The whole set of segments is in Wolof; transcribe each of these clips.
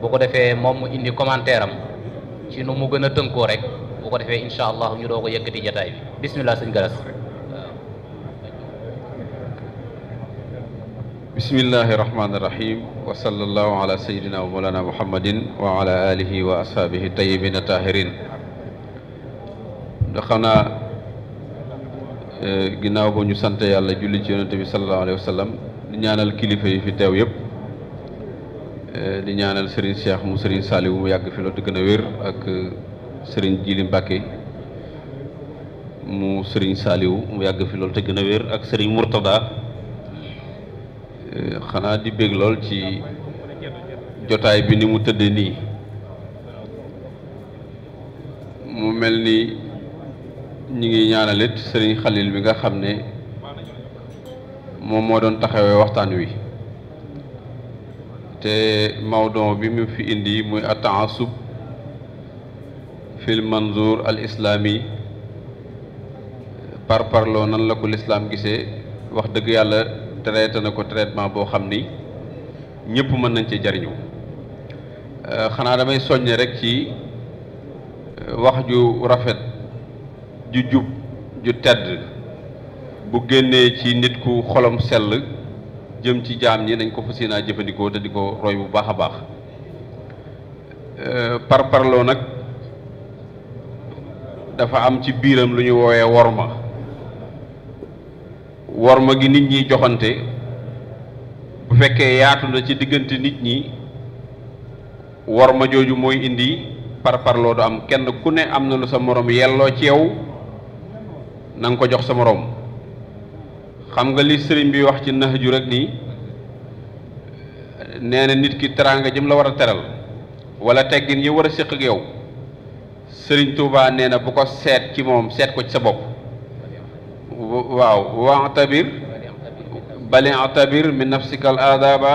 boo ko defee moom mu indi commentaire ci nu mu gën a tënkoo rek boo ko defee incha allah ñu doo ko yëkkati jataay bi bismillah sëñ Galas bismillahi rahmaani rahim wa sallallahu ala sayidina wa wa ala alihi wa ashaabihi tayyibina tahirin da xam naa eh, ginnaaw ba ñu sant yàlla julli ci ñaanal kilifa yi fi teew yëpp Eh, di ñaanal Serigne Cheikh mu sëriñ Saliou mu yàgg fi loolu eh, te gën a wér ak Serigne Jili Mbacke mu sëriñ Saliou mu yàgg fi loolu te gën a wér ak sëriñ Mourtada eh, xanaa di bég lool ci jotaay bi ni mu tëddee nii mu mel ni ñu ngi ñaanalit sëriñ xalil bi nga xam ne moom moo doon taxawee waxtaan wi. te mawdon bi mu fi indi muy ataasub fil manzour al islami par parloo nan la ko lislaam gisee wax dëgg yàlla traité na ko traitement boo xam ni ñëpp mën nañ ci jariñu euh, xanaa damay soññe rekk ci euh, wax ju rafet ju jub ju tedd bu génnee ci nit ku xolom sell jëm ci jaam ñi nañ ko fas yéenaa jëfandikoo te di ko roy bu baax a baax euh, par parloo nag dafa am ci biiram lu ñu woowee worma worma gi nit ñi joxante bu fekkee yaatu na ci diggante nit ñi worma jooju mooy indi par parloo du am kenn ku ne am na lu sa moroom yelloo ci yow na ko jox sa moroom xam nga li sëriñ bi wax ci nax ju rek nii nee nit ki teraanga jëm la war a teral wala teggin yi war a séq ak yow sëriñ Touba nee na bu ko seet ci moom seet ko ci sa bopp waaw waxtabir bali atabir min nafsikal adaba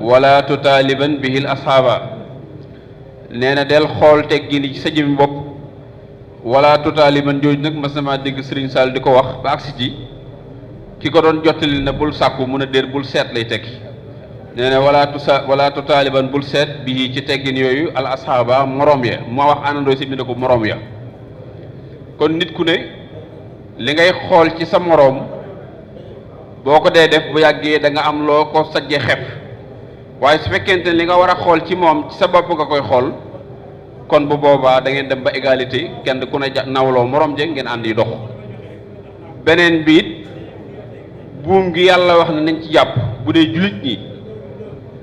wala tutaaliban bihil asxaaba nee na del xool teggin yi ci sa jëmi bopp wala tutaaliban jooju nag ma na maa dégg sëriñ Sall di ko wax ba agsi ci ki ko doon jottali ne bul sàkku mu a déer bul seet lay tekki nee na wala tusa wala bul seet bii ci teggin yooyu al asxaaba moroom ya moo wax àndandoo si ne ko moroom ya kon nit ku ne li ngay xool ci sa moroom boo ko dee def bu yàggee da nga am loo ko sajje xef waaye su fekkente li nga war a xool ci moom ci sa bopp nga koy xool kon bu boobaa da ngeen dem ba égalité kenn ku ne nawloo moroom je ngeen ànd yi dox beneen biit buum gi yàlla wax na nañ ci jàpp bu dee jullit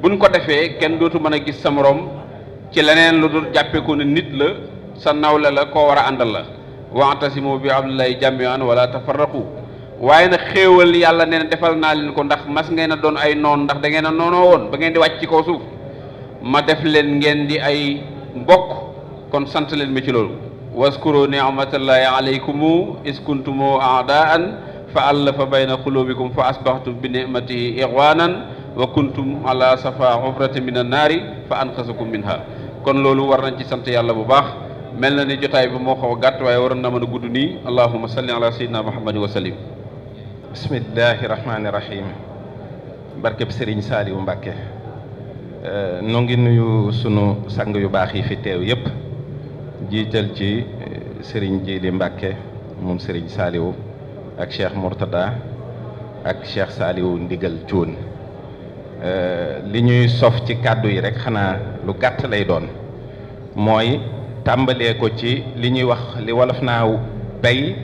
bu nu ko defee kenn dootu mën a gis sa moroom ci leneen lu dul jàppeeku ko ne nit la sa nawle la ko war a àndal la moo bi hablillahi jami'an wala tafarraqu waaye nag xéewal yàlla nee defal naa leen ko ndax mas ngeen a doon ay noon ndax da ngeen a noonoo woon ba ngeen di wàcc ci kaw suuf ma def leen ngeen di ay mbokk kon sant leen ma ci loolu waskuru ni'matallahi alaykum is kuntum a'daan fa allafa bayna qulubikum fa asbahtum bi nicmatihi ixwanan wa kuntum ala safa xufratin min annaari fa anqasakum minha kon loolu war nañ ci sant yàlla bu baax mel na ni jotaay bi moo xaw gàtt waaye waroon na mën a gudd nii allahuma salli ala sayyidina muhammadin wa sallim bismillahi rahmaani rahim barkeb sëriñ Saaliwu Mbàkke euh, nu ngi nuyu sunu sang yu baax yi fi teew yépp jiital ci euh, sëriñ Jiili Mbàkke moom sëriñ Saaliwu ak Cheikh Mourtada ak Cheikh Saliou Ndigal Thioune euh, li ñuy sof ci kàddu yi rek xanaa lu gàtt lay doon mooy tàmbalee ko ci li ñuy wax li wolof naa bay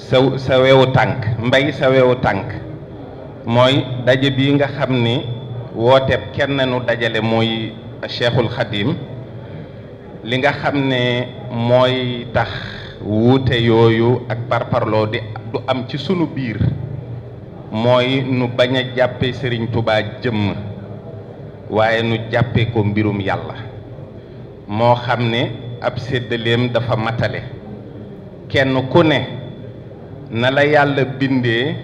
sa sa wewu tànk mbay sa wewu tànk mooy daje bii nga xam ni wooteeb kenn nu dajale mooy Cheikhul Khadim li nga xam ne mooy tax wuute yooyu ak parparloo di du am ci sunu biir mooy nu bañ a jàppe sëriñ tubaa jëmm waaye nu jàppe ko mbirum yàlla moo xam ne ab séddaleem dafa matale kenn ku ne na la yàlla bindee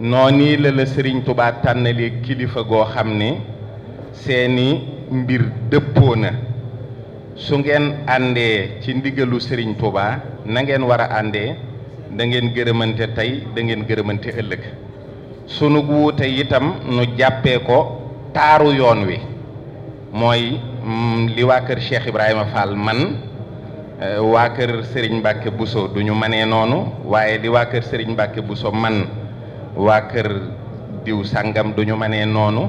noonu la la sëriñ tubaa tànnalee kilifa goo xam ne seeni mbir dëppoo na su ngeen àndee ci ndigalu sëriñ Touba na ngeen war a àndee da ngeen gërëmante tey da ngeen gërëmante ëllëg sunu wuute itam nu jàppee ko taaru yoon wi mooy mm, li waa kër Cheikh Ibrahima Fall man eh, waa kër Serigne Mbacke bu du ñu manee noonu waaye li waa kër Serigne bu so man waa kër diw sàngam duñu ñu manee noonu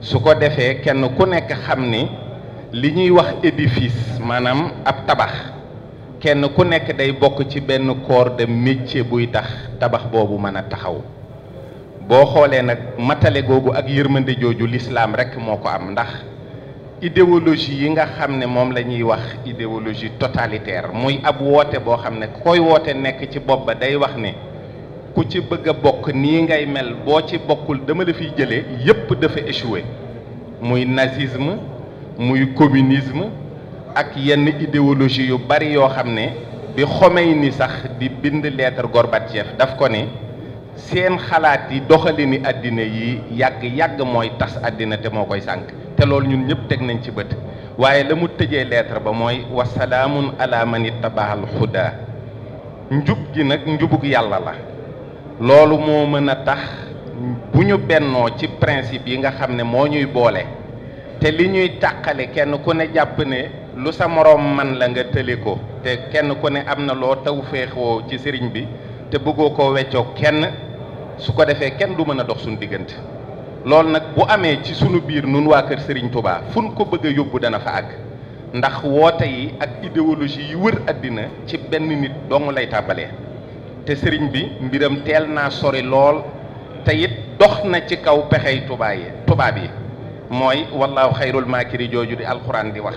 su ko defee kenn ku nekk xam ni. li ñuy wax édifice maanaam ab tabax kenn ku nekk day bokk ci benn koor dem métier buy tax tabax boobu mën a taxaw boo xoolee nag matale googu ak yërmande jooju lislaam rekk moo ko am ndax idéologie yi nga xam ne moom la ñuy wax idéologie totalitaire muy ab woote boo xam ne koy woote nekk ci bopp ba day wax ne ku ci bëgg bokk nii ngay mel boo ci bokkul dama la fiy jëlee yépp dafa échoué muy nazisme muy communisme ak yenn idéologie yu bari yoo xam ne bi ni sax di bind lettre Gorbatchev daf ko ne seen xalaat yi doxalini àddina yi yàgg-yàgg mooy tas àddina te moo koy sànq te loolu ñun ñëpp teg nañ ci bët waaye la mu tëjee lettre ba mooy wasalaamun ala man ittabaal huda njub gi nag njubug yàlla la loolu moo mën a tax bu ñu bennoo ci principe yi nga xam ne moo ñuy boole te li ñuy tàqale kenn ku ne jàpp ne lu sa moroom man la nga tële ko te kenn ku ne am na loo taw féexoo ci sëriñ bi te bëggoo koo weccoo kenn su ko defee kenn du mën a dox suñu diggante loolu nag bu amee ci sunu biir nun waa kër sëriñ Touba fun ñu ko bëgg yóbbu dana fa àgg ndax woote yi ak idéologie yi wër àddina ci benn nit dong lay tàmbalee te sëriñ bi mbiram teel naa sori lool te it dox na ci kaw pexey Touba yi mooy wallaahu xayrul maakiri jooju di alxuraan di wax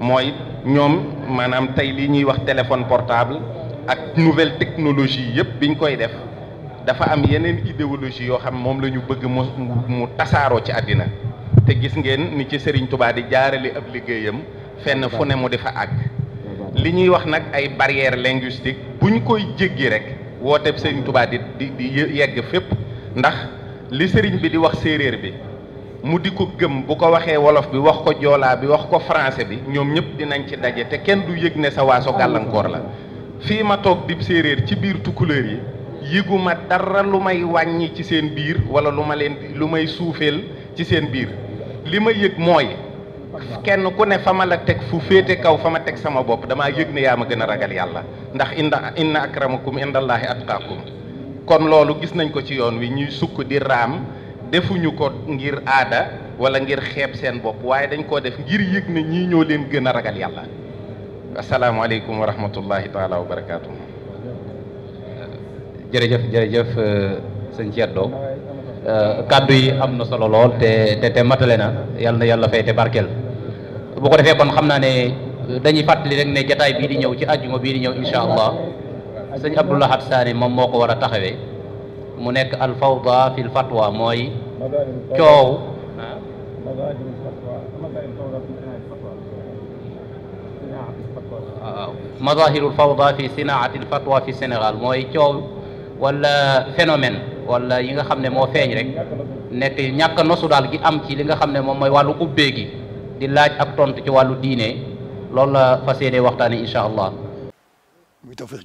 mooy ñoom maanaam tey li ñuy wax téléphone portable ak nouvelle technologie yëpp biñ koy def dafa am yeneen idéologie yoo xam moom la ñu bëgg mu mu tasaaroo ci àddina te gis ngeen ni ci Serigne Touba di jaarale ab liggéeyam fenn fu ne mu di fa àgg li ñuy wax nag ay barrières linguistiques buñ koy jéggi rek woote Serigne Touba di di yegg fépp ndax li Serigne bi di wax séeréer bi. mu di ko gëm bu ko waxee wolof bi wax ko joolaa bi wax ko français bi ñoom ñëpp dinañ ci daje te kenn du yëg ne sa waaso gàllankoor la fii ma toog di séeréer ci biir tukkuleer yi yëguma dara lu may wàññi ci seen biir wala lu ma leen lu may suufeel ci seen biir li ma yëg mooy kenn ku ne fa ma la teg fu féete kaw fa ma teg sama bopp damaa yëg ne yaa ma gën a ragal yàlla ndax inda inna akramakum indallahi atqaakum kon loolu gis nañ ko ci yoon wi ñuy sukk di defuñu ko ngir aada wala ngir xeeb seen bopp waaye dañ koo def ngir yëg ne ñii ñoo leen gën a ragal yàlla asalaamaaleykum wa rahmatullahi taala wa barakaatu. Euh, jërëjëf jërëjëf euh, sëñ Thierno euh, kàddu yi am na solo lool te te te matale na yàlla na yàlla fay te barkeel boo ko defee kon xam naa ne dañuy fàttali rek ne jataay bii di ñëw ci àjjuma bii di ñëw incha allah sëñ Abdoulahat Saani moom moo ko war a taxawee. mu nekk alfawda fil fatwa mooy coow waaw mazahirul fawda fi sinaatil fatwa fi Sénégal mooy coow wala phénomène wala yi nga xam ne moo feeñ rek nekk ñàkk nosu daal gi am ci li nga xam ne moom mooy wàllu ubbee di laaj ak tontu ci wàllu diine loolu la fas yéene waxtaane incha allah muy tawfeex